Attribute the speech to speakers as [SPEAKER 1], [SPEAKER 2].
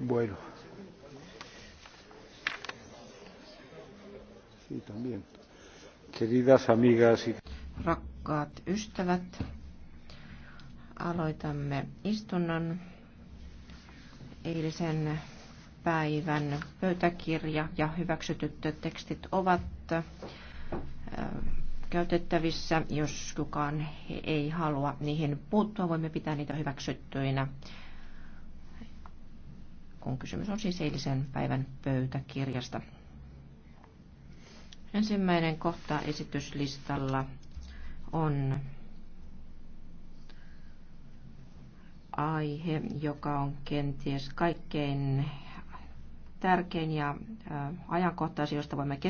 [SPEAKER 1] Bueno. Sí, también. Queridas amigas y...
[SPEAKER 2] Rakkaat ystävät, aloitamme istunnon eilisen päivän pöytäkirja ja hyväksytyt tekstit ovat käytettävissä. Jos kukaan ei halua niihin puuttua, voimme pitää niitä hyväksyttyinä kun kysymys on siis eilisen päivän pöytäkirjasta. Ensimmäinen kohta esityslistalla on aihe, joka on kenties kaikkein tärkein ja ajankohtaisin, josta voimme keskustella.